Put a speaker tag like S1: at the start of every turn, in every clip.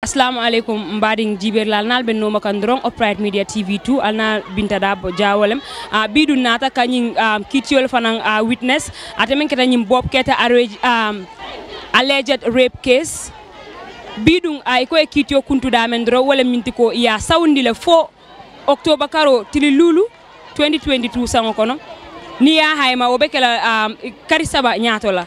S1: assalamu aleykum mbaɗin nal nalɓe nomakan doron upright media tv 2 alna bintada jawolem uh, ah, ɓiɗum naata kany um, ah, kittiyol fanan uh, ah, witness atamin kete ñum bob keta um, alleged rape case ɓiɗum ay kitio kittiyo men doro wala minti ko ya le fo october karo tili lulu 2022 sango kono niya hayma o ɓe um, kari saba ñatola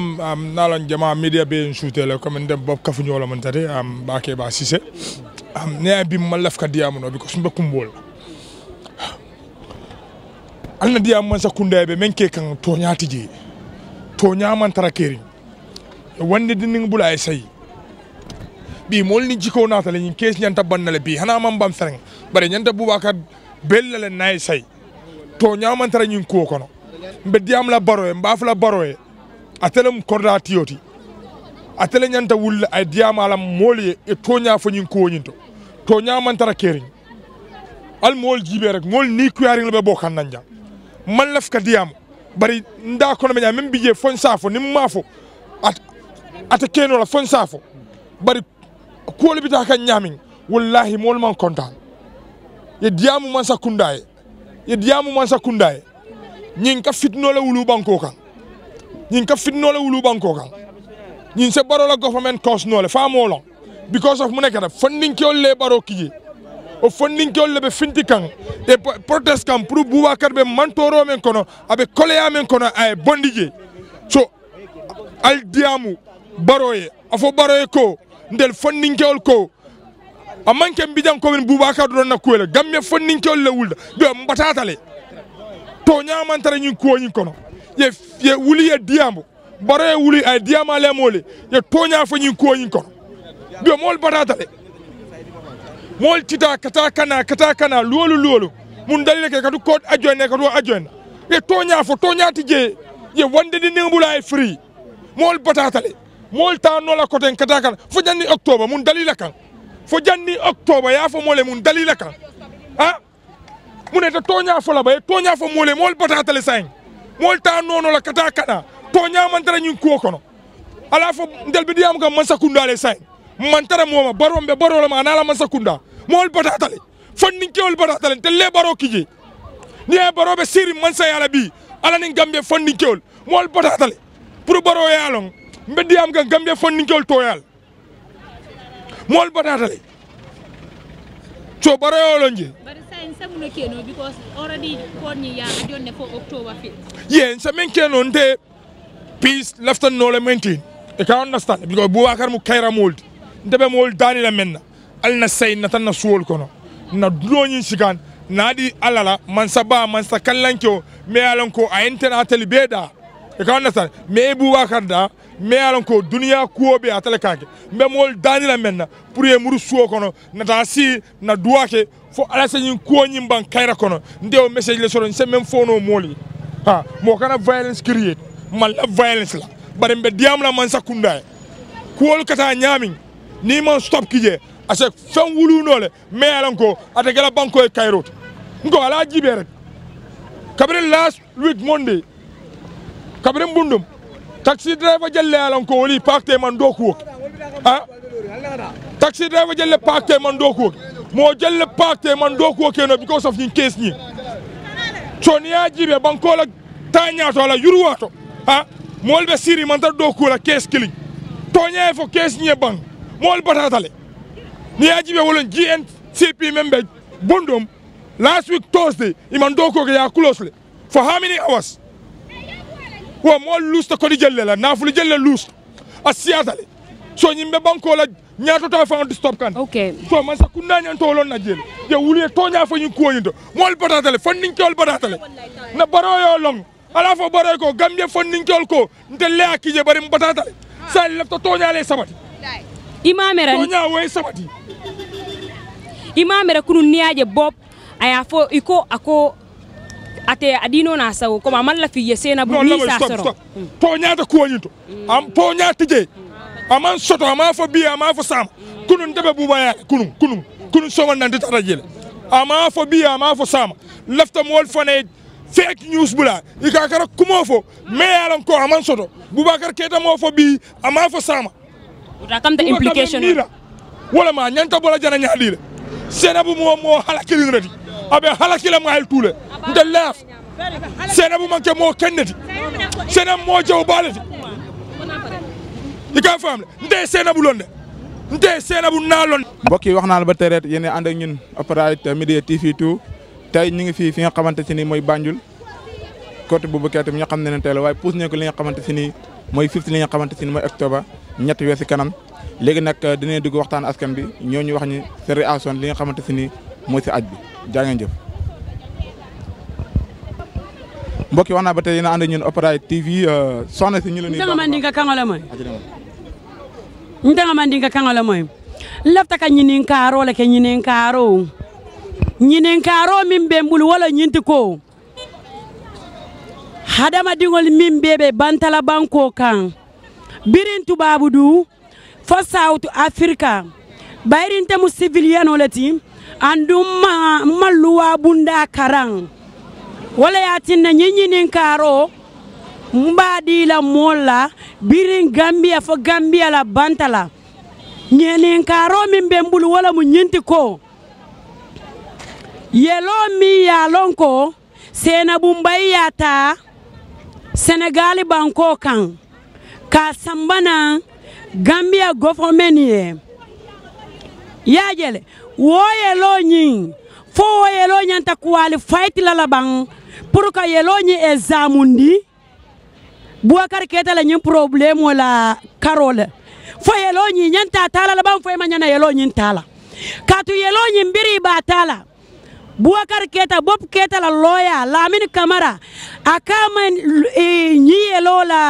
S2: Um, nalan jama media be en shootele comme en bob kafu ñola man tati am um, ba sisse am um, bi ma laf ka diamu no because mbe kumbol alna diam man sa be men kan to nyaati je to nyaaman tarakeri wande dinin bula ay sai bi mol ni jiko na tale ñin kes ñanta bannale bi hana man bam fereng bare ñanta bubakar bellale nay sai to nyaaman tara ñin ko kono mbe diam la baroe mbaf la baroe atele mu korda tiyoti atele nyanta wulle ay diyamala moli e fo ko nyinto tonya man tara kering al mol jibe rek mol ni kuyaring lebe bokan nanja man laf ka diyam bari nda kono me nyam bije fon safo nim mafo at at keno la fon safo bari ko le bita kan nyamin wallahi mol man kontan ye diamu man sakundaye ye diamu man sakundaye nyin ka fitno la wulu banko kan ñin ka finnole wulu bankokal ñin se barola government cause nole famolo because of munekata fondinkewol le baro kiji o fondinkewol le ɓe finti kan e protest kan pour boubacar ɓe mantoro men kono aɓe koleya men kono aye bondi je so aldiyamu baroye afo baroye ko ndel fondinkewol ko a manke mbijan komin boubacar ɗon nakkuwele gamme fondinkewol le wulda ɓe mbatatale to ñamantara ñin kuwoñin kono ye ye wuli ye diyambo bare ye wuli ay diama le mole ye tonya fo ñin kuwo ñin kono biyo mool batata le mool tita kata kana kata kana lolu lolu mun dalile ke kadu koot ajoyne kadu ajoyna ye tonya fo tonya tije ye wonde wandedi niŋbula ay free mool batata le mool ta nola koten kata kana fo janni octobre mun dalila kan fo janni octobre ya fo mole mun dalila kan a ah! mun ete toña fo la laba ye toña fo mole mool batata le saŋ molta nono la kata kana to ñamantara ñin kuwo kono ala fo bi diam gam kunda le say mantara moma barombe barolama anala mansa kunda mol batatale ni kewol batatale te le baro kije ni e barobe siri mansa yala bi ala ni gambe ni kewol mol batatale pour baro yalon diam gam gambe ni kewol to yal mol batatale cho baro yolonje
S1: en samuno keno because
S2: on the peace left and no lamenting e can understand because Buakar mu mold the be mold dani la menna alna say na tan na suwol kono na duloñin sikan naadi alala mansa ba mansa Kalanko, me alan ko a entena atali da e ka understand may boubacar da me alan ko duniya kuwo be atale kake mbe mool danila menna pour ye muru suwo kono si na fo alasanyin kuwo nyin ban kaira kono nde o message le soro nse même fono moli ha mo kana violence create mal violence la bare mbe diam la man sakunda e. kuwol kata nyami ni man stop kije ase fen wulu nole me alanko ate gala banko e kairo ngo ala jibe rek kabre last week monday kabre mbundum taxi driver jalle alanko woli pakte man doku ha taxi driver jalle pakte man doku moo jelle parte man do ko keno because of nyin case ni so ni ajibe banko la tanya to la yurwato ha ah, be siri man ta do ko la case killing to nya fo case ni bang mol batatale ni ajibe wolon GNCP member bondom last week thursday iman do ko ya closely for how many hours wa mol lose to jelle la nafulu jelle lose asiyatale so yimɓe bankola ñatoto fewonde stop kan so man sakku nani en towlon najjeli je wuuli e toña foñi kuwoñinto mool batatale fonninkewol batatale no baroyo long ala fo baroy ko gamɓe fonninkewol ko nte leya kiije bari batatale sa lefto toñale sabati
S1: imamera toña woye sabati imamera kunu niyaje bob aya fo iko ako ate adino na sawo comme amalla fiye sena bu ni sa soro
S2: toñata kuwoñinto mm. am toña tije aman soto ama fo bi ama fo sam kunun debe bu baye kunun kunun kunun so wonande rajel ama fo bi ama fo sam leftam mol fone fake news bula ika kara kumo fo me yalan ko aman soto bubakar keta mo fo bi ama fo sam
S1: uta kam the implication
S2: wala ma nyanta bola jana nyaadile senabu mo mo halakili ngati abe halakil ma hal tule laf senabu manke mo kennati
S3: senam mo jow
S2: balati li koy faam le nte Seynabou Londé nte Seynabou naa Londé
S4: mbokk yi wax naa la ba tey rek yéen ànd ak ñun opérateur Média TV 2 tey ñu ngi fii fi nga xamante si nii mooy Banjul côté boobu keetam ñu xam ne ne tey la waaye pousse nañ li nga xamante si nii mooy fift li nga xamante si nii mooy octobre ñetti weer si kanam léegi nag euh, dinañ dugg waxtaan askan bi ñoo ñu wax ñi seen réaction li nga xamante si nii mooy si aj bi jaa jëf mbokki wana naa ba tey yéen a ñun Opera TV euh, soxna si ñu la nuyu. Ah, Ndanga
S5: mandinga kangole moy. Ndanga mandinga kangole moy. Laftaka ñinin kaaro la ke ñinin kaaro. Ñinin kaaro min be mbulu wala ñinti ko. Hadamadiŋol min be be bantala banko kan. Birin babu du fo South Africa. Bayrin temu civiliano le ti andu ma luwa bunda karang wala ye tinna ñiŋ ñininkaaroo mba mbadi la mola la biriŋ gambiya fo gambiya la banta la ñininkaaroo miŋ be wala bulu wo le mu nyinti ko yeloo miŋ ya lonko sena bumbai seenabumbayi ta senegali bankoo kaŋ ka sambana gambia gambiya gofomen ye yaajele wo yeloo ñiŋ fo wo yeloo ñanta kuwaali fayiti la bang pour que yeloñi examundi ndi buwakar keta la ñin problème wala karole fo yeloñi ñanta tala la ban fo ma ñana yeloñi tala katu yeloñi mbiri ba tala buwakar keta bob keta la loya lamin kamara akama e, ñi yelola la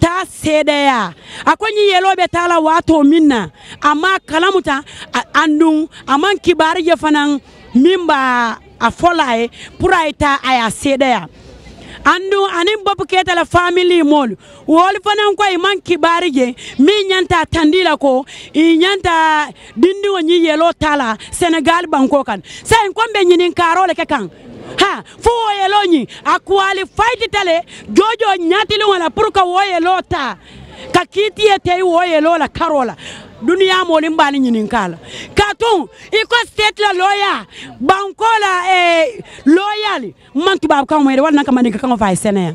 S5: ta sedeya akwai yelo be tala wato minna ama kalamuta andu aman kibari ya fanan mimba a folae a ye pour a ye taa a y'a seeda ya an ani keta la famili molu wolu fana ko e man kibari mi nyanta tandila ko i nyanta dindi woni yelo tala senegal banko kan sayin ko be ɲinin karole ke kan ha fo wo yelo ɲi a qualify tale jojo lo wala pour ko wo yelo ta ka kiitiye tei wo yelo la karola dunia molim bani nyinikala katon iko state la loya banko la eh, loyali mantu babu kan wede wannan kamar ka kan fa sene ya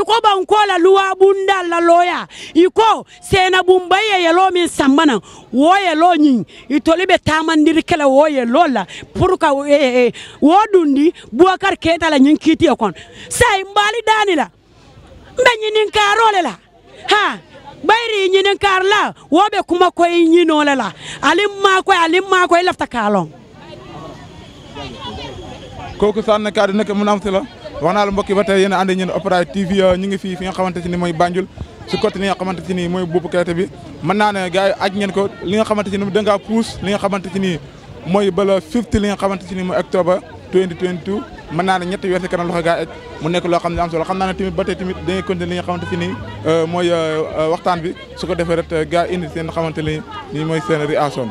S5: iko banko la luwa bunda la loya iko sena bumbai ya yelo min sambana wo ya lo nyin itoli be tamandir kala wo ya la pour ka eh, eh, eh wo dundi buakar keta la nyin kiti kon sai mbali danila mbe nyinikaro la ha bayri ñinin karla wobe kuma koy ñino
S4: la alim ma koy alim ma koy lafta kalon kooku sànn kaddu nekk mun am si la wax naa la mbokk yi ba tey yéen a ànd ñeen euh, ñu ngi fii fi nga xamante ni mooy Banjul si côté li nga xamante nii mooy Boubou keete bi mën naa ne gars yi aj ko li nga xamante ni dangaa puus li nga xamante ni mooy bala 50 li nga xamante ni mooy octobre 2022 mën naa ne ñetti weer kanam loxo gaa ej mu nekk loo xam ne am solo xam naa ne tamit ba tey tamit dañuy continuer li nga xamante si nii euh, mooy euh, euh, bi su ko defee rek gaa indi seen xamante ni nii mooy seen réaction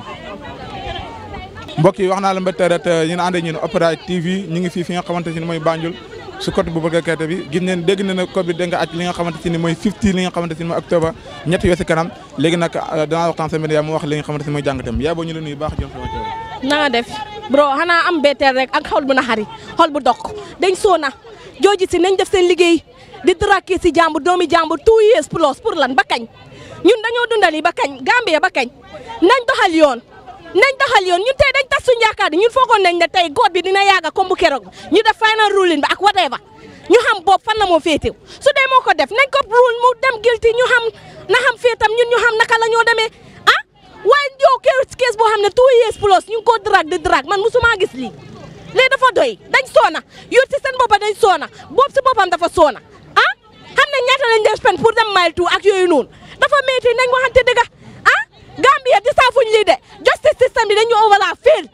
S4: mbokk yi wax naa la mbétte ret ñu na ànde ñun Opera TV ñu ngi fii fi nga xamante si ni mooy Banjul su côté bu bëgg kayte bi gis ngeen dégg na ne Covid da nga aj li nga si ni mooy 50 li nga xamante si ni mooy octobre ñetti weer si kanam nag danaa waxtaan sa média mu wax li nga xamante si ni mooy jàngatam yaa boo ñu la nuyu baax jëm sama
S3: naa def bro xanaa am betteel rek ak xol bu naxari xol bu dok dañ soona jooji si nañ def seen liggéey di draquer si jàmbur doomi jàmbur two years plus pour lan ba kañ ñun dañoo dundali ba kañ Gambie ba kañ nañ doxal yoon nañ doxal yoon ñun tey dañ tas suñu yaakaar ñun foogoon nañ ne tey góor bi dina yaaga comme bu ñu def final ruling bi ak whatever ñu xam boobu fan la moo féetew su dee moo ko def nañ ko rule mu dem guilty ñu xam na xam féetam ñun ñu xam naka la ñoo demee yow kees kees boo xam ne two years plus ñu ngi ko drag di drag man musuma gis lii léegi dafa doy dañ soona yor si seen boppam dañ soona boobu si boppam dafa soona ah xam ne ñaata lañ def pen pour dem mile two ak yooyu noonu dafa métti nañ waxante dëgg ah Gambia di saafuñ lii de justice system bi dañu overla fail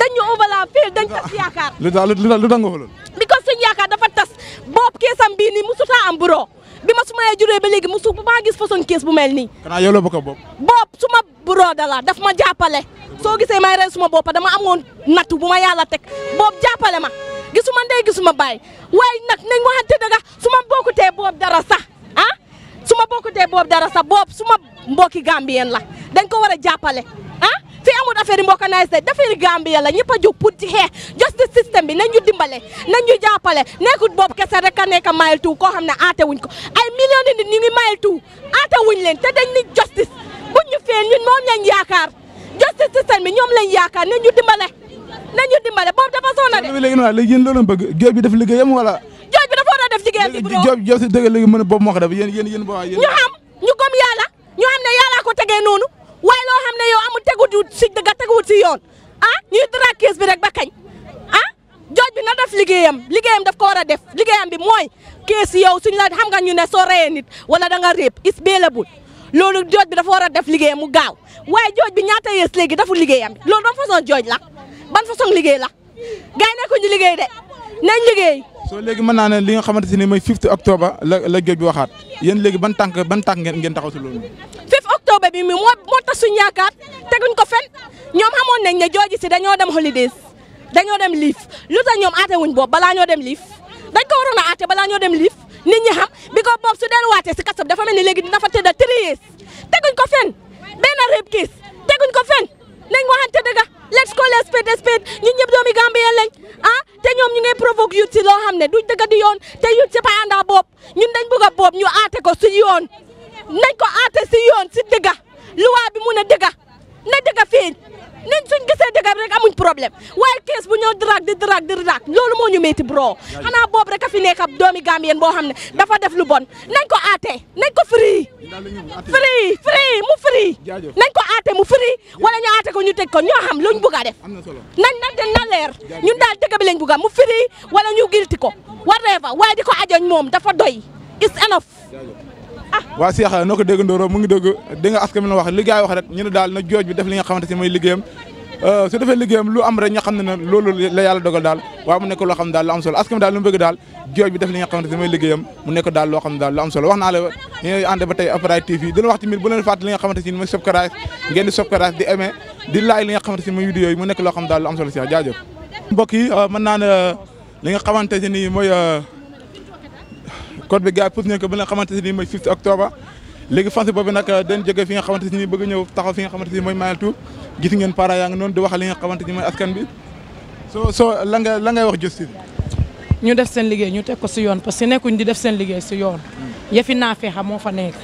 S3: dañu overla fail dañ tas yaakaar.
S4: lu tax lu tax nga ko loolu.
S3: because suñu yaakaar dafa tas boobu keesam bii nii musutaa am bureau. bi ma su ma yee juree ba léegi ma bu maa gis façon kees bu mel ni
S4: xanaa yow la a bopp.
S3: bopp su ma broda la daf ma jàppale soo gisee ma rey suma bopp dama amoon natu bu ma yàlla teg boob jàppale ma gisuma ndey gisuma bàyyi waaye nag nañ waxante dëgg su ma bokkutee boob dara sax ah? su ma bokkutee boob dara sa boob su ma mbokki gambien la dañ ko war a jàppale. ah fii amul affaire yi mbokk naaj dafa affaire Gambia la ñëpp a jóg pour ci xeex justice système bi nañ ñu dimbale nañ ñu jàppale nekkut boobu kese rek a nekk mile two koo xam ne aate wuñ ko ay millions de nit ñu ngi mile two aate wuñ leen te dañ ni justice buñ ñu feen ñun moom lañ yaakaar justice système bi ñoom lañ yaakaar na ñu dimbale nañ ñu dimbale boobu dafa soona de. léegi nag léegi yéen loolu liggéeyam wala. géej bi dafa war a def jigéen bi. bro géej si dëgg léegi mën na boobu moo ko def yéen yéen ñu xam ñu gëm yàlla waaye loo xam ne yow amul teguwut si dëgg teguwut si yoon ah ñuy traqueuse bi rek ba kañ ah jooj bi na def liggéeyam liggéeyam daf ko war a def liggéeyam bi mooy kees yow suñ la xam nga ñu ne soo reyee nit wala da nga réeb is beelabul loolu jooj bi dafa war a def liggéeyam mu gaaw waaye jooj bi ñaata yees léegi dafu liggéeyam bi loolu ban façon jooj la ban façon liggéey la gars yi nekkuñu liggéey de nañ liggéey
S4: soo léegi mën naa ne li nga xamante ne mooy 5 octobre la la géej bi waxaat yéen léegi ban tànk ban tànk ngeen ngeen taxaw si loolu.
S3: 5 octobre bi moo moo tax suñu yaakaar teguñ ko fen ñoom xamoon nañ ne jooji si dañoo dem holidays dañoo dem liif lu tax ñoom aate wuñ boobu balaa ñoo dem liif dañ ko waroon a aate balaa ñoo dem liif nit ñi xam bi ko boobu su delluwaatee si kaso dafa mel léegi dafa tëdd three years teguñ ko fen benn rape case teguñ ko fen a a mënee provoque youth si loo xam ne du dëgg di yoon te youth si fay ànda boobu ñun dañ bëgg a boobu ñu aate ko si yoon nañ ko aate si yoon si dëgg luwaa bi mun a dëgg na dëgg nañ suñ gisee jëkkër rek amuñ problème waaye kees bu ñëw draag di draag di draag loolu moo ñu métti bro xanaa boobu rek a fi nekk ab doomi Gambien boo xam ne dafa def lu bon nañ ko aate nañ ko free free free mu free nañ ko aate mu free wala ñu aate ko ñu teg ko ñoo xam luñ bugg a def nañ nañ de na leer ñu daal dëkk bi lañ bugg a mu free wala ñu gilti ko war reefa waaye di ko ajoñ moom dafa doy is enough
S4: waa Seexa noo ko déggandóoroo mu ngi dégg di nga askan mi la wax li gars yi wax rek ñu ne daal na jooj bi def li nga si euh, mooy liggéeyam mu nekk daal lu am daal loo am solo wax naa la ñooy ànd leen fàtte si ni mooy code bi gars yi pousse nañ ko ba nga ne nii mooy 5 octobre léegi fans boobu nag euh, dañ nga xamante ne wax li bi
S6: ñu def seen liggéey ñu teg ko si yoon parce que nekkuñ di def seen liggéey si yoon yëfi naa feexa moo fa nekk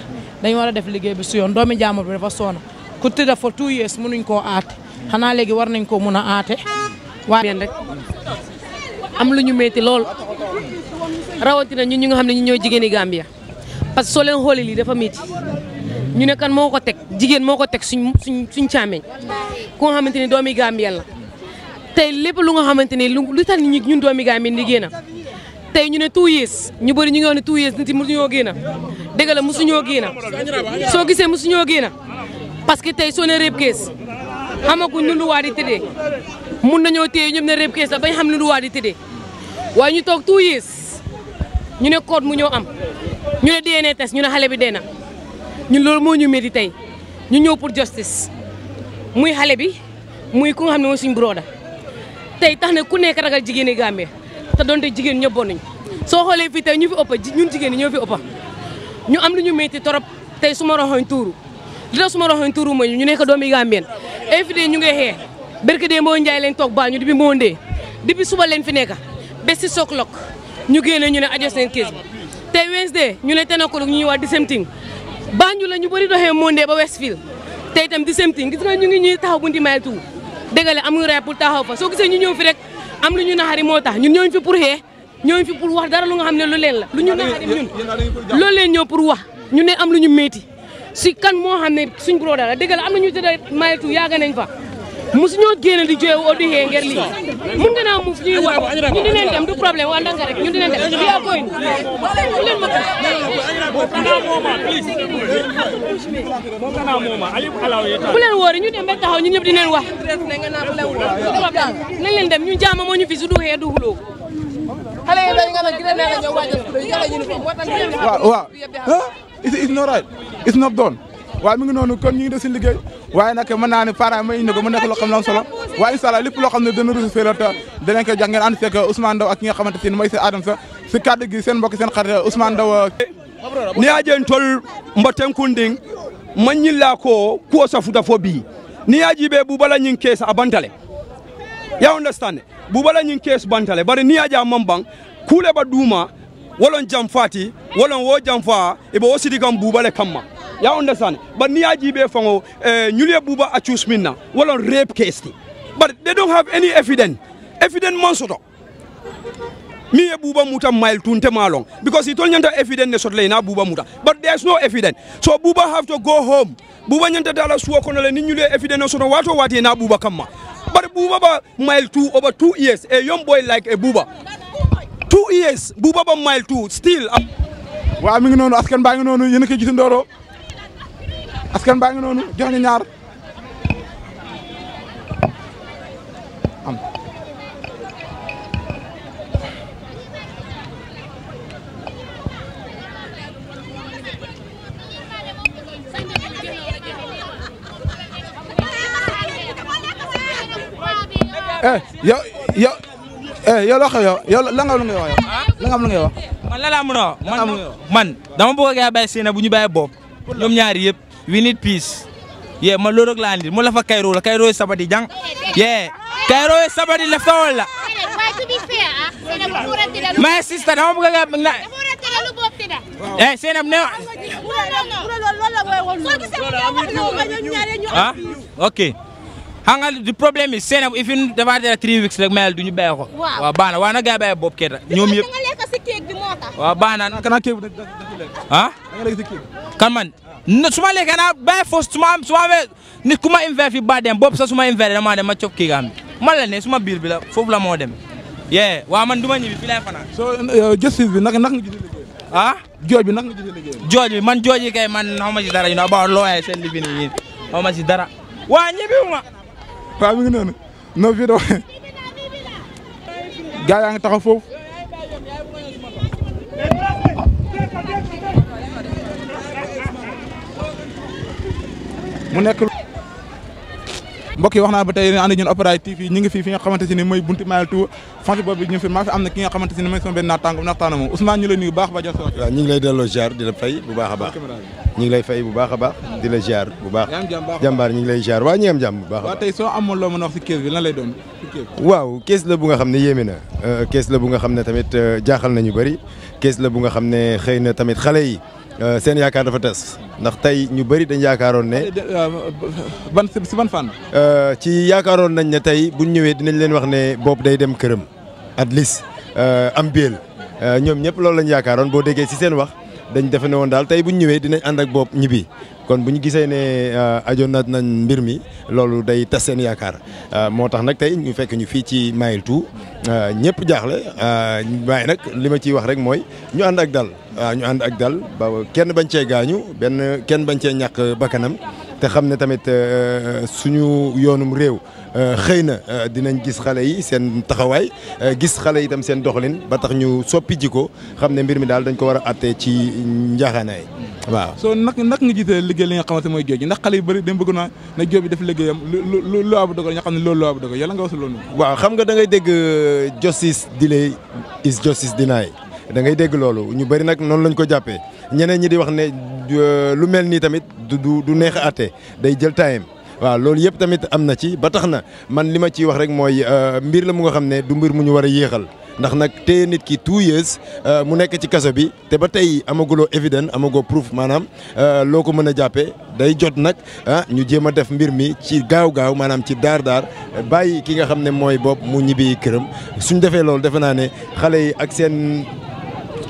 S6: dañu war a def liggéey bi si yoon doomi jaamur bi dafa soona ku tëdd fa two years mënuñ koo aate xanaa léegi war nañ koo mun a aate waa rek am lu ñu métti lool rawatina ñun ñu nga xam ne ñu ñoo jigéeni Gambia parce que soo leen xoolee lii dafa métti ñu ne kan moo ko teg jigéen moo ko teg suñ suñ suñ càmmeñ ku nga xamante ni doomi Gambia la tey lépp lu nga xamante ni lu lu tax ñi ñun doomi Gambia di génn tey ñu ne two years ñu bëri ñu ngi wax ne two years nit yi mosuñoo génn dëgg la mosuñoo génn soo gisee mosuñoo génn parce que tey soo ne réeb kees xamaguñ nu lu waa di tëddee mun nañoo téye ñoom ne réeb kees la bañ xam nu lu waa ñu toog two years ñu ne koot mu ñëw am ñu ne DNA test ñu ne xale bi dee na ñu loolu moo ñu métti tey ñu ñëw pour justice muy xale bi muy ku nga xam ne mooy suñu broda tey tax na ku nekk ragal jigéen ñi Gambie te doonte jigéen ñëpp bon nañ soo xoolee fii tey ñu fi ëppa ñu jigéen ñi ñoo fi ëppa ñu am lu ñu métti torop tey suma roxoñ tuuru li tax suma roxoñ tuuru mooy ñu nekk doomi Gambien invité ñu ngi xee berke dee moo njaay leen toog baal ñu depuis moo ndee bi suba leen fi nekk ba si soog ñu génne ñu ne ajo seen kees bi tey Wednesday ñu ne Tenacoulook ñu ñëwaat di semting Banjul la ñu bëri doxee Monday ba Westfield tey itam di semting gis nga ñu ngi ñuy taxaw bunti Mile Two dégale am nga raay pour taxaw fa soo gisee ñu ñëw fi rek am lu ñu naxari moo tax ñun ñooñ fi pour xee ñooñ fi pour wax dara lu nga xam ne lu leen la lu ñu naxari ñun loolu leen ñoo pour wax ñu ne am lu ñu métti si kan moo xam ne suñ broda la am na ñu tëdd Mile Two yaaga nañ fa musuñoo génne di jooy o duxee ngir lii mun nga naa muuf ñuy wax ñun dem du problème waa ndanga rek ñun dinañ dem di a koy fu leen ma bu leen wóore ñu dem ba taxaw ñun ñëpp dinañ wax nañ leen dem ñu jaama moo ñu fi su duxee du xuloo xale yi dañ nga na gën a ñëw waajal
S4: done waaw mi ngi noonu kon ñu de def seen waaye nag mën naa ne parents may indi ko mu nekk loo xam ne am solo waaye incha allah lépp loo xam ne dana réussir la te danañ ko jox ngeen ànd seeg Ousmane Ndaw ak ki nga xamante ne mooy seen Adam sa si kàddu gi seen mbokk seen xarit Ousmane Ndaw ni ajen tol mbaten kundin manyilla ko kuwo safuta fo bi
S7: ni yaji be bubala nyin case abantale ya understand bubala nyin case bantale bari ni yaja mamban kule ba duma wolon jamfati wolon wo jamfa ibe wo sidi kan buba le kamma ya understand but ni aji be fango eh, buuba buba accuse minna wolon rape case ni but they don't have any evidence evidence mansoto mi ye buba muta mile tunte malong because he told nyanta evidence ne sotle na buba muta but there's no evidence so buuba have to go home buba nyanta dala suwa kono le ni nyulie evidence soto wato wati na buba kamma but buba ba mile two over two years a young boy like a
S4: buba two years Bouba Ba mile two still. waaw mi ngi noonu askan baa ngi noonu yéen a koy gis Ndoro baa ngi noonu jox ñu ñaar eh yow loo xam ah? nga am man
S7: la laa mën man
S4: man dama bëgg
S7: gaa bàyyi Sénégal bu ñu bàyyi bopp. ñoom ñaari yëpp we need yee man loolu rek laa andi mu la fa Kayro la Kayro yi sabati jàng. yee Kayro yi sabati la fawal la.
S1: mais sister dama bëgg gaa eh, na. eh Sénégal ne.
S3: ah
S7: xam nga du problème yi seen if ñu defaat dara three weeks rek mayal du ñu bàyyi ko. waaw waaw baax na waaw nag gars yi bàyyi boobu keeta. ñoom yëpp
S3: nga lekk si kéeg bi moo tax. waaw baax na ah, kanaa kéeg bi da ah nga lekk si kéeg
S7: kan man su ma lekkee naa bàyyi foofu su ma su ma amee nit ku ma invité fi ba dem boobu sax su ma invité damaa dem ma cob kéeg am man la ne suma biir bi la foofu la moo dem. yee waaw man du ma ñibbi fi lay fanaan. soo
S4: uh, justice
S7: bi naka naka nga gisee liggéey ah jooj bi naka nga gisee liggéey jooj bi man jooj yi kay man xaw ma si dara yi no ba looyee seen libi nii xaw ma si dara waa
S4: ñibbi ma waaw mi ngi noonu non fii dafa gaa yaa ngi taxaw foofu. mu nekk mbokk yi wax naa ba tey ànd ñun Opera TV ñu ngi fii fi nga xamante si ni mooy bunti Mayel Tour fanci boobu ñu fi fi am na ki nga xamante si ni mooy sama benn naataango naxtaana moom Ousmane lay nuyu baax ba jaso
S8: waaw ñu ngi lay fay bu baax a baax fay bu baax a baax di la ziar bu baax lay ziar waa ñi am jàmm bu baax waaw
S4: tey soo amoon loo mën a wax si kees bi lan lay doon
S8: waaw kees la bu nga xam ne yéeme na euh, kees la bu nga xam ne tamit euh, jaaxal nañu bëri kees la bu nga xam ne xëy na tamit xale yi Euh, seen yaakaar dafa tas ndax tey ñu bëri dañ yaakaaroon ne. Euh, ban si ban fànn. Euh, ci yaakaaroon nañ ne tey bu ñu ñëwee dinañ leen wax ne Bob day dem këram at least am biel ñoom ñëpp loolu lañ yaakaaroon boo déggee ci seen wax dañ defe ne woon daal tey bu ñu ñëwee dinañ ànd ak Bob ñibbi kon bu ñu gisee ne ajoon na nañ mbir mi loolu day tas seen yaakaar moo tax nag tey ñu fekk ñu fii ci Mile 2 ñëpp jaaxle waaye nag li ma ciy wax rek mooy ñu ànd ak dal waaw ah, ñu ànd ak dal ba kenn bañ cee gaañu benn kenn bañ cee ñàkk bakkanam te xam ne tamit euh, suñu yoonum réew euh, xëy na euh, dinañ gis xale yi seen taxawaay gis xale yi itam seen doxalin ba tax ñu soppi jiko xam ne mbir mi daal dañ ko war a àttee ci njaaxaanaay
S4: waaw. soo nag nag nga jiite liggéey li nga xamante mooy jooju ndax xale yu bëri dem bëgg naa ne jooju def liggéeyam lu lu loo ab dogal nga xam ne loolu loo ab dogal yàlla nga wax loolu.
S8: waaw xam nga da ngay dégg justice delay is justice da ngay dégg loolu ñu bari nag noonu lañ ko jàppee ñeneen ñi di wax ne euh, lu mel nii tamit du du neex a àtte day jël time waaw loolu yëpp tamit am na ci ba tax na man li ma ciy wax rek mooy euh, mbir la mu nga xam ne du mbir mu ñu war a yéexal ndax nag téye nit ki two years euh, mu nekk ci kaso bi te ba tey amaguloo evidence amagoo proof maanaam loo ko mën a jàppee day jot nag ah ñu jéem a def mbir mi ci gaaw-gaaw maanaam ci daar-daar bàyyi ki nga xam ne mooy bopp mu ñibbi këram suñ defee loolu defe naa ne xale yi ak seen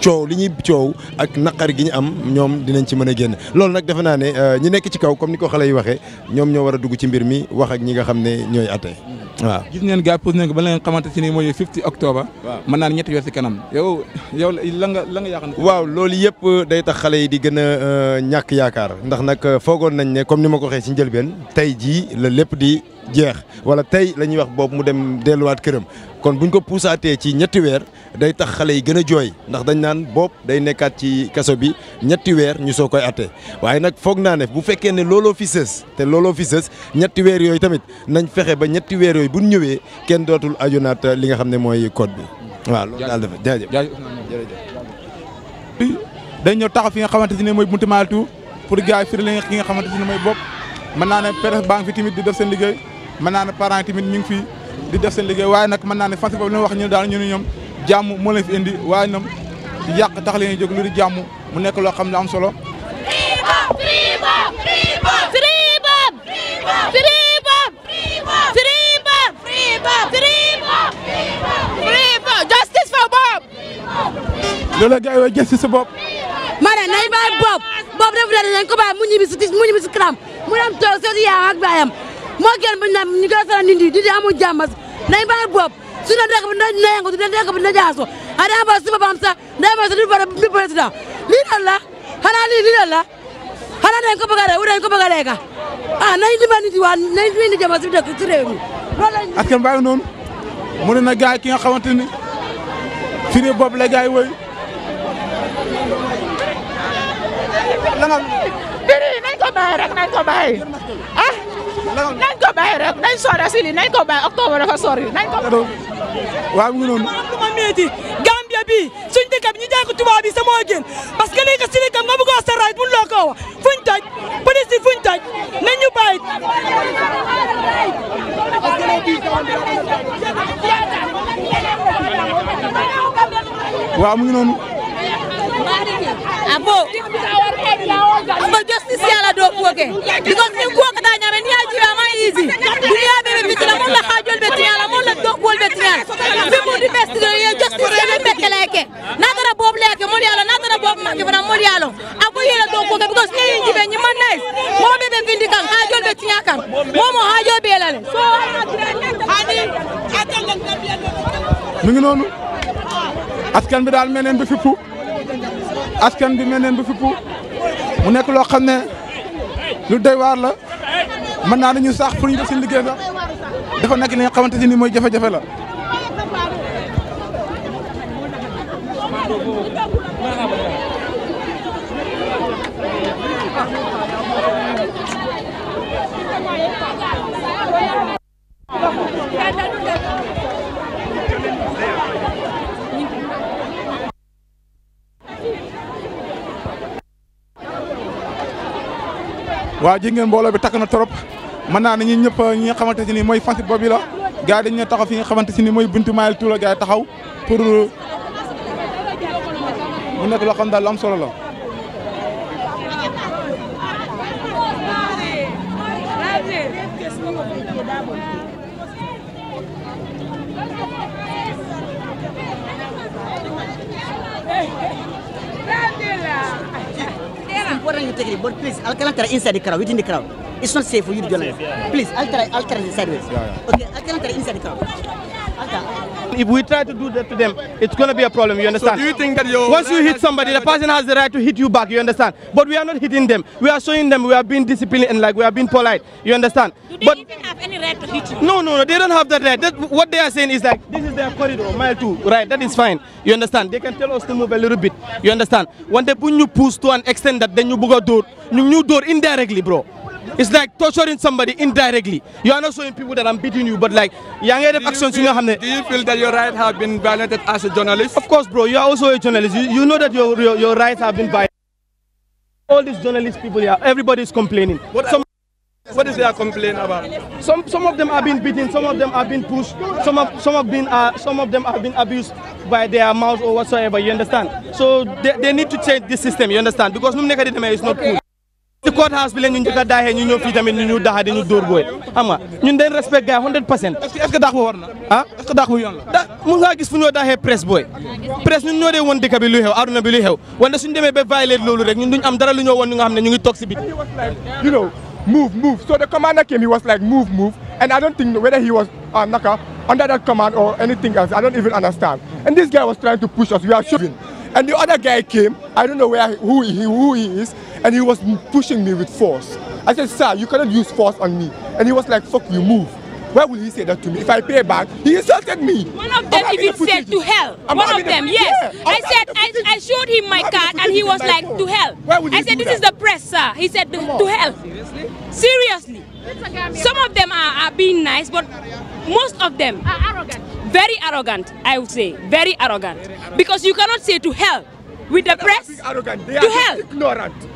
S8: coow li ñuy coow ak naqar gi ñu am ñoom dinañ ci mën a génn loolu nag defe naa ne euh, ñi nekk ci kaw comme ni ko xale yi waxee ñoom ñoo war a dugg ci mbir mi wax ak ñi nga xam ne ñooy atte hmm. waaw.
S4: gis ngeen gars pose nañ ko ba la nga xamante ci ni mooy 50 octobre. waaw mën naa ne ñetti weer si kanam.
S8: yow yow la nga la nga yaakaar. waaw loolu yëpp day tax xale yi di gën a euh, ñàkk yaakaar ndax nag euh, foogoon nañ ne comme ni ma ko waxee si njëlbeen tey jii la lépp di jeex wala tey la ñuy wax boobu mu dem delluwaat këram kon buñ ko puusaatee ci ñetti weer day tax xale yi gën a jooy ndax dañ naan boobu day nekkaat ci kaso bi ñetti weer ñu soo koy attee waaye nag foog naa ne bu fekkee ne looloo fi sës te looloo fi sës ñetti weer yooyu tamit nañ fexe ba ñetti weer yooyu buñ ñëwee kenn dootul ajonaat li nga xam ne mooy code bi waaw loolu daal dafa jaajëf dañ ñëw taxaw fi nga xamante ne
S4: mooy buntu Malitu pour gars yi firi li nga xamante ne mooy bopp mën naa ne presse baa ngi fi tamit di def seen liggéey mën naa ne parents tamit ngi fi di def seen liggéey waaye nag mën naa ne fans boobu li wax ñu daal ñu ne ñoom jàmm moo leen fi indi waaye ñoom yàq tax leen jóg lu di jàmm mu nekk loo xam ne am solo.
S3: loolu la gars yi way gëstu sa bopp. ma ne nañ bàyyi bopp bopp dafa doon nañ ko bàyyi mu ñibbi si mu ñibbi si këram mu dem toog seeti yaayam ak baayam moo gën bu ñu naan ñu koy faral nit ñi di amul jàmm nañ bàyyi bopp su ne dëkk na yëngatu ne dëkk
S5: bi na jaaso a daa ba suba ba am sax daa ba suba ba bi président lii lan la xanaa lii lii a rey wu dañ ko a rey ka ah nañ dimbali nit yi waa nañ indi jàmm
S4: na gaay ki nga xamante ni bopp la gaay woy
S5: lan firi nañ ko nañ ko bàyyi rek nañ sori si lii nañ ko bàyyi octobre dafa sori nañ ko. waaw mu ngi noonu. lu ma métti Gambia bi suñ dëkk bi ñu jaay ko tubaab bi sa moo gën parce que léegi si dëkkam nga bëggoon sa raay buñ loo ko wax fuñ toj police yi fuñ toj nañ ñu bàyyi.
S4: waaw mu ngi noonu.
S3: abo. abo justice yàlla kuwake because ni kuwa kada nyame ni aji ba ma easy dunia be be bitla mon la hajol be tiya la mon la dok bol be tiya be mo di best do ye just se be be kala ke na dara bob le ke mol yalo na dara bob ma ke bana mol yalo abo ye la dok ko because ni ji be ni man nice mo be be vindi kan hajol be tiya kan mo mo hajol be la ne so hani atanga
S4: mi ngi nonu askan bi daal meneen bi fippu askan bi meneen bi fippu mu nekk loo xam ne lu day waar la mën naa nañu sax pour ñu def seen liggéey sax dafa nekk li nga xamante ne nii mooy jafe-jafe la. waaw ji ngeen mbooloo bi takk na trop mën naa ne ñun ñëpp ñi nga xamante ne nii mooy fansi boobu la gars yi dañu ne taxaw fi nga xamante ne nii mooy buntu Maayel Tuula gars yi taxaw pour mu nekk loo xam daal lu am solo la.
S5: What are you taking? But please, I'll try inside the crowd, within the crowd. It's not safe for you to join. Please, I'll try,
S7: I'll try sideways. Yeah, yeah. Okay,
S5: I'll try inside the crowd.
S7: if we try to do that to them, it's going to be a problem. You understand? So do you think that you once you hit somebody, the person has the right to hit you back. You understand? But we are not hitting them. We are showing them we are being disciplined and like we are being polite. You understand? Do they but, even
S4: have any right to hit you? No,
S7: no, no. They don't have that right. That, what they are saying is like this is their corridor, mile two, right? That is fine. You understand? They can tell us to move a little bit. You understand? When they put you push to an extent that then you a door, you door indirectly, bro it's like torturing somebody indirectly. You are not showing people that I'm beating you, but like, young do you, feel, Do you feel that your rights have been violated as a journalist? Of course, bro. You are also a journalist. You, you know that your, your, your rights have been violated. All these journalist people here, everybody is complaining. What, some, what is their complaint about? Some some of them have been beaten, some of them have been pushed, some of some have been uh, some of them have been abused by their mouths or whatsoever. You understand? So they, they need to change this system. You understand? Because Numneka is not cool the courthouse bi la ñu njëkk a daaxee ñu ñëw fii tamit ñu ñu daxa dañu dóor booy xam nga ñun dañ respect gars hundred percent est-ce que daax bu war na ah est-ce que daax bu yoon la mu ngaa gis fu ñoo daaxee presse booy presse ñun ñoo dee woon dëkk bi luy xew aduna bi luy xew wante suñu demee ba violate loolu rek ñun duñ am dara lu ñoo woon ñu nga xam ne ñu ngi toog si biti you know move move so the commander came he was like move move
S2: and I don't think whether he was uh, Naka under that command or anything else I don't even understand and this guy was trying to push us we are shoving and the other guy came I don't know where who he, who he is and he was pushing me with force. I said, sir, you cannot use force on me. And he was like, fuck you, move. Why would he say that to me? If I pay back, he insulted me.
S1: One of them even said to hell. I'm One of them, yes. Yeah. I said I, I, showed him my card and he was like phone. to hell. Why would I said this that? is the press, sir. He said to, to hell. Seriously? Seriously. Some of them are, are being nice, but most of them are arrogant. Very arrogant, I would say. Very arrogant. Very arrogant. Because you cannot say to hell with the press. Arrogant. They to are hell. Ignorant.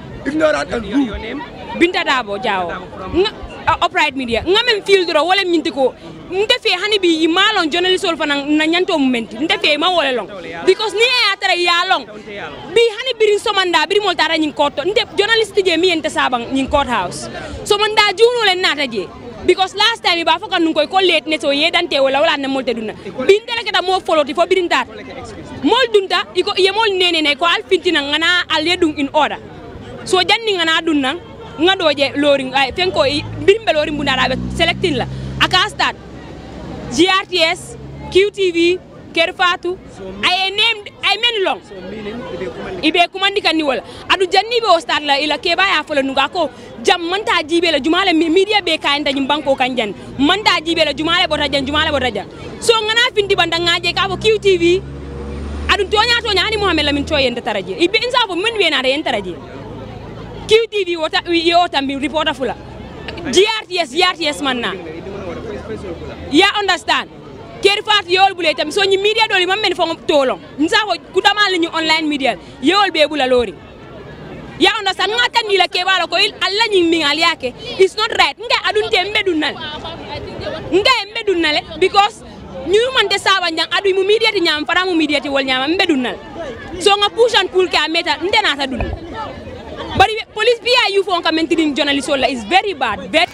S1: Binta Dabo Jao. Uh, upright media. Nga men field wala minti ko. Nte fe hani bi i malon journalist ol fanan na nyanto momenti. Nte fe ma wala long. Because ni e atara ya long.
S8: Bi
S1: hani birin somanda biri mol tara nyin koto. Nte journalist je mi ente sabang nyin court house. Somanda juno len nata je. because last time ba fokan nun koy ko late ne so yedante wala wala ne molte dunna bin dele kata mo ti fo birin tat mol dunta iko ye mol nene ne ko al fintina ngana al yedum in order so janni ngana dun nan ngadoje loring ay fenko birimbe loring bundana be selectin la aka start grts qtv Kerfatu. fatu ay named ay men long ibe kumandi kan ni wala adu janni be o start la ila ke baya fola nuga ko jam manta jibe la jumala media be kain ndani banko kan jan manta jibe la jumala bota jan jumala bota jan so ngana findi banda ngaje ka bo qtv adu tuanya tuanya ani mohammed lamin toyen taraje ibe insa bo men we na de taraje QTV wota yota mi reporter fula GRTS GRTS manna ya understand keri fat yol bule tam so ni media doli mam men fo tolon nsa ko kutama lañu online media yol be bula lori ya understand ngata ni la kebala ko il alla ni mi ngal yake it's not right nga adunte mbedun nal nga mbedun nal because ñu man de sawa ñang adu mu media ti ñam fara mu media ti wol ñam mbedun nal so nga push and pull ka meta ndena ta dun But police behavive for commenting journalists is very bad. Very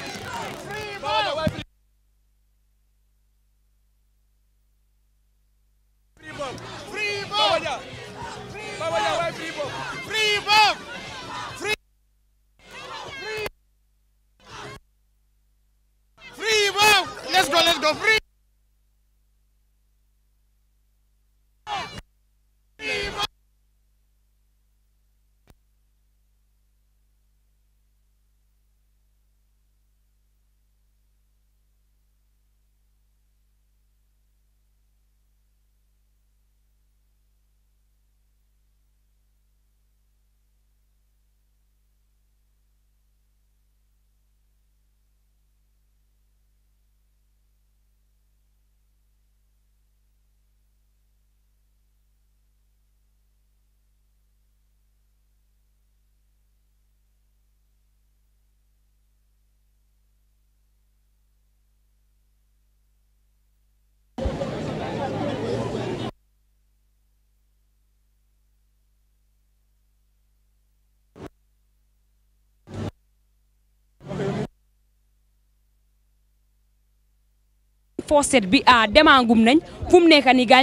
S1: postet bi a ah, demangum nañ fu mu nekk ni gaa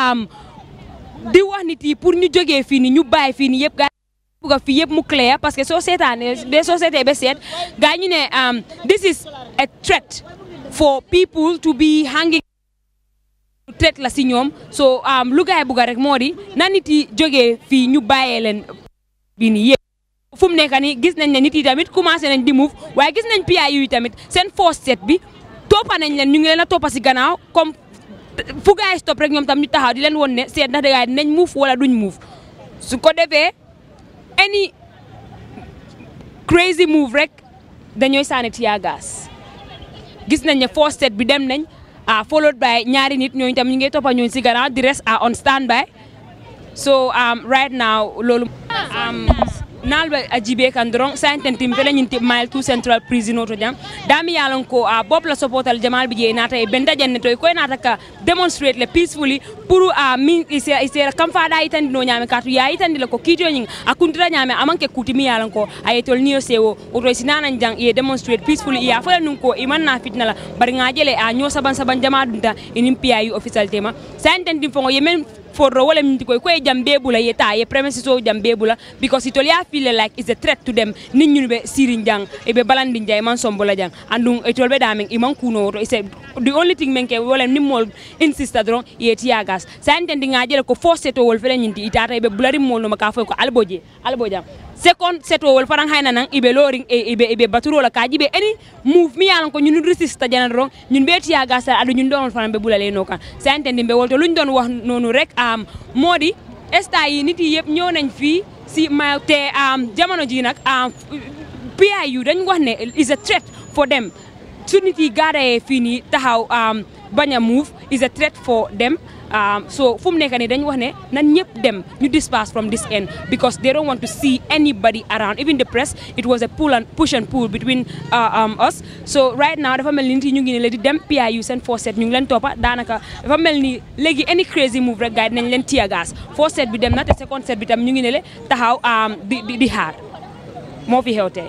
S1: am di wax nit yi pour ñu jógee fii ni ñu bàyyi fii ni yëpp gaa buga fii yëpp mu clair parce que soo seetaane des sociétés ba seet gaa ñu ne um, this is a threat for people to be hanging threat la si ñoom so um, lu gaay buga rek moo di na nit yi jógee fii ñu bàyyee leen bi ni yëpp fu mu nekk ni gis nañ ne nit yi tamit commencé nañ di move waaye gis nañ PIU yi tamit seen force set bi toppa nañ leen ñu ngi leen a toppa si gannaaw comme fu gars stop rek ñoom tam ñu taxaw di leen won ne seet na da gars yi dinañ muuf wala duñ muuf su ko defee any crazy move rek dañooy sànni tear gas gis nañ ne first set bi dem nañ a followed by ñaari nit ñooñu tam ñu ngi toppa ñooñu si gannaaw di rest à on stand so um, right now loolu. Um, nalɓe a jiibe kan doron sainten tim fele nyinti mail tout central prison oto jam dami yalon ko a la supportal jamal bi nata e benda jenne toy ko nata ka demonstrate le peacefully pour a min sera kam fa da faɗa no nyame katu ya le ko kiitoñing a kuntita ñame amanke kuti mi yalan ko a yetol niyo sewo oto sinanan jang e demonstrate peacefully ya fa nun ko imanna fitna la bari ŋajele a nyosa saban saban jama ɗum ta inin piyayi officialité ma sainten tim fongo yemen for wala min koy koy jam bebula yeta ye premise so jam bebula because it ya feel like is a threat to them nin ñu um, be sirin jang e be balandi njay man sombola jang andum e tolbe damen iman kuno to ise the only thing men ke wala nimol insista dron ye tiagas sa entendi ngajele ko force to wol fele nyindi itata e be bulari mol no ka foy ko alboje alboja second set o wol faran hayna nan ibe loring e eh, ibe ibe la kaji ɓe eni move mi yalan ko ñun ta janan rong ñun beti ya gasa aɗa ñun ɗon be ɓe no kan sa entendi be wolto luñ don wax nonu rek am modi esta yi niti yeb ñonañ fi si ma te am jamano ji nak am PIU dañ wax ne is a threat for them su nit yi gaaree fii nii taxaw um, bañ a move is a threat for them um, so fu mu nekk nii dañu wax ne nan ñëpp dem ñu disperse from this end because they don't want to see anybody around even the press it was a pull and push and pull between uh, um, us so right now dafa mel ni nit yi ñu ngi ne la di dem PIU seen forset ñu ngi leen toppa daanaka dafa mel ni léegi any crazy move rek gars yi dinañ leen tear gas forset bi dem na te second set bi tam ñu ngi ne la taxaw di di xaar moo fi xew tey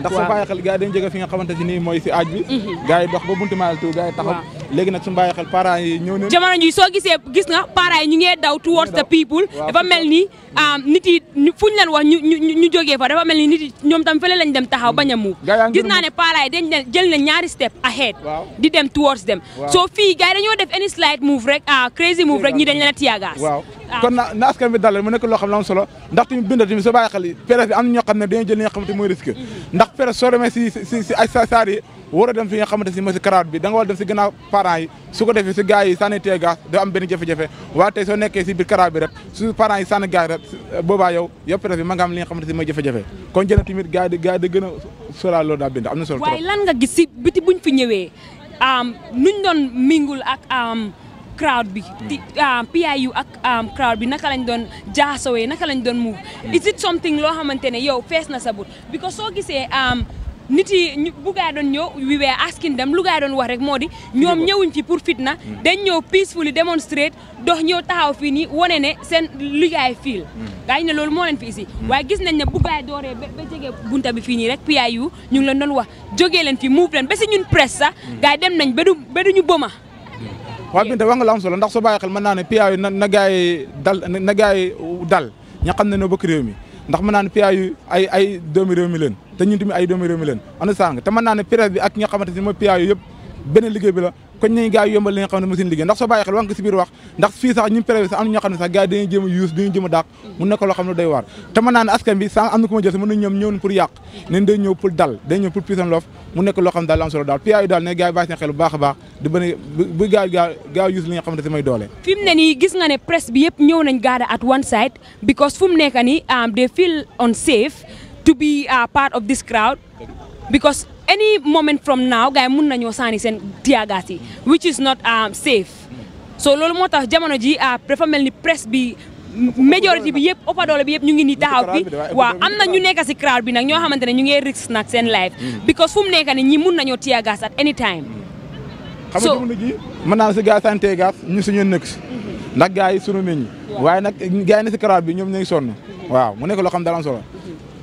S1: ndax soo bàyyi xel
S4: gars yi dañ jóge fi nga xamante si nii mooy si aaj bi mhm. gars yi dox ba buntu Malick Thiaw gars yi taxaw légui nak sun baye xel parents yi
S1: ñëw nañu. jamono ñuy so gisee gis nga parents yi ñu ngee daw towards the people dafa melni ni nit yi fuñ leen wax ñu ñu fa dafa melni nit yi ñoom tam fële lañ dem taxaw baña mu gis na ne parents yi dañ leen jël na ñaari step ahead di dem towards them so fi gaay dañu def any slight move rek crazy move rek ñi dañ leen tiagas
S4: kon na na askan bi dalal mu nek lo xam la am solo ndax tu bind tamit so baye xel pere bi am ñu xamne dañu jël ñu xamne moy risque ndax pere so demé ci ci ay saar yi war dem fi nga xamante si moo si bi da nga war a dem si gannaaw parents su ko defee si gars yi sànni tee gaz da am benn jafe-jafe waaye tey si biir bi rek su parents yi sànni gaz rek boobaa yow yëpp rek ma nga am li nga xamante si mooy jafe-jafe kon jëna tamit gars yi gars yi da gën a solaal loolu daal bind am na solo waaye
S1: lan nga gis si biti buñ fi ñëwee nuñ doon mingul ak crowd bi di hmm. PIU ak crowd bi naka lañ doon jaasowee naka lañ doon move hmm. is it something loo xamante ne yow fees na sa but because soo gisee nit yi buggaa doon ñëw we were asking them lu wax rek moo di ñoom ñëwuñ fi pour na mm. dañ ñëw peacefully demonstrate dox ñëw taxaw fii nii wane ne seen liggéey fiil mm. gaa yi ne loolu moo leen fi isi mm. waaye gis nañ ne buggaay dooree ba jege bunta bi fii nii rek PIU ñu ngi leen doon wax jógee leen fi move leen ba si ñun presse sax gaa dem nañ ba du ñu duñu bëma
S2: waaw
S4: Binta wax nga la am solo ndax soo bàyyi xel mën naa ne PIU na na gaa yi dal na gaa yi ña xam ne ne bokk réew mi ndax mën naa ne PIU ay ay doomi réew mi leen te ñun tamit ay doomu réew mi leen understand nga te mën naa ne bi ak ñi mooy PA yooyu yëpp liggéey bi la koñ nañ gars yi yombal mooy a yuus a dàq mu a baax di bëri bu gars yi gars doole
S1: fi ne nii gis nga ne presse bi yëpp ñëw nañ gaada at one side because fu mu nekk nii um, they feel unsafe to be a part of this crowd because any moment from now gars yi mun nañoo sànni seen tear gas yi which is not um, safe so loolu moo tax jamono ji uh, dafa mel ni presse bi majority bi yëpp ëppa doole bi yëpp ñu ngi nii ta bi am na ñu nekk si crowd bi nag ñoo xamante ne ñu ngi risk nag seen life mm. because fu mu ñi mun nañoo tear gas at any time mm. xam nga jamono ji
S4: mën naa si gars sànni tear mm-hmm. gas yi sunu meñ ñi nag gars yi ne si ñoom ñooy sonn mm-hmm. waaw mu nekk loo xam dara am solo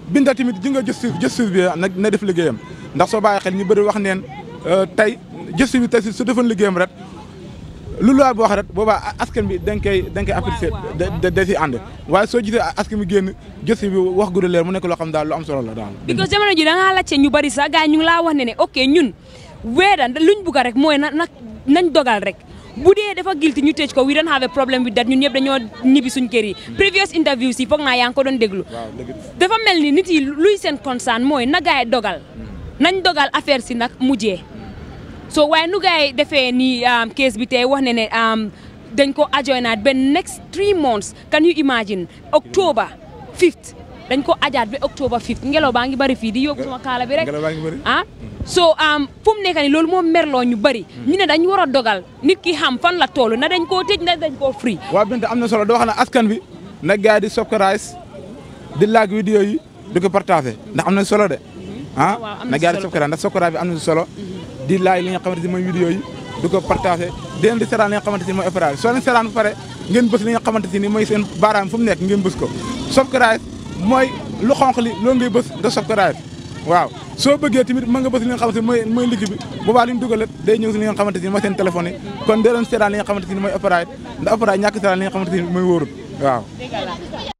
S4: binta tamit ji nga justice justice bi nag na def liggéeyam ndax soo bàyyi xel ñu bëri wax neen euh, tey justice bi tey su defoon liggéeyam rek lu loi bi wax rek boobaa askan bi dañ koy dañ koy apprécier da da si ànd waaye soo gisee askan bi génn justice bi wax gudd leer mu nekk loo xam daal lu am solo la daal.
S1: because jamono ji da ngaa laajte ñu bëri sa gars ñu laa wax ne ne ok ñun weeda luñ bugg rek mooy na nañ dogal rek. bu dee dafa guilty ñu tëj ko we don't have a problem with that ñun ñëpp dañoo ñibbi suñ kër yi previous interviews yi foog naa yaa ngi ko doon déglu dafa mel ni nit yi luy seen concern mooy na gaay dogal nañ dogal affaire si nag mujjee so waaye nu gaay defee nii um, case bi tey wax ne ne um, dañ ko ajoynaat ba next three months can you imagine october 5th dañ ko ajaat ba october 5th ngelaw baa ngi bari fii di yóbbu sama kaala bi rek so am um, fu mu nekk nii loolu moo merloo ñu bëri. Hmm. ñu ne dañu war dogal nit ki xam fan la toll na dañ koo tëj na dañ koo
S4: free. waaw Binta am na solo doo xam ne askan bi na gars di subscribe di like vidéo yi di ko partagé ndax am na solo de. Hmm. Ah, am na gars di subscribe ndax subscribe bi am na solo. Hmm. di like li nga xamante ne mooy vidéo yi di ko partagé di leen di li nga xamante ne mooy Infos Live soo leen seetaan ba pare ngeen bës li nga xamante ne mooy seen baaraam fu mu nekk ngeen bës ko subscribe mooy lu xonq li loolu ngay bës nga subscribe waaw soo bëggee tamit mën nga bës li nga xamante ni mooy mooy ligg bi boobaa kon dee doon seetaan li nga
S2: xamante ni mooy appareil ndax appareil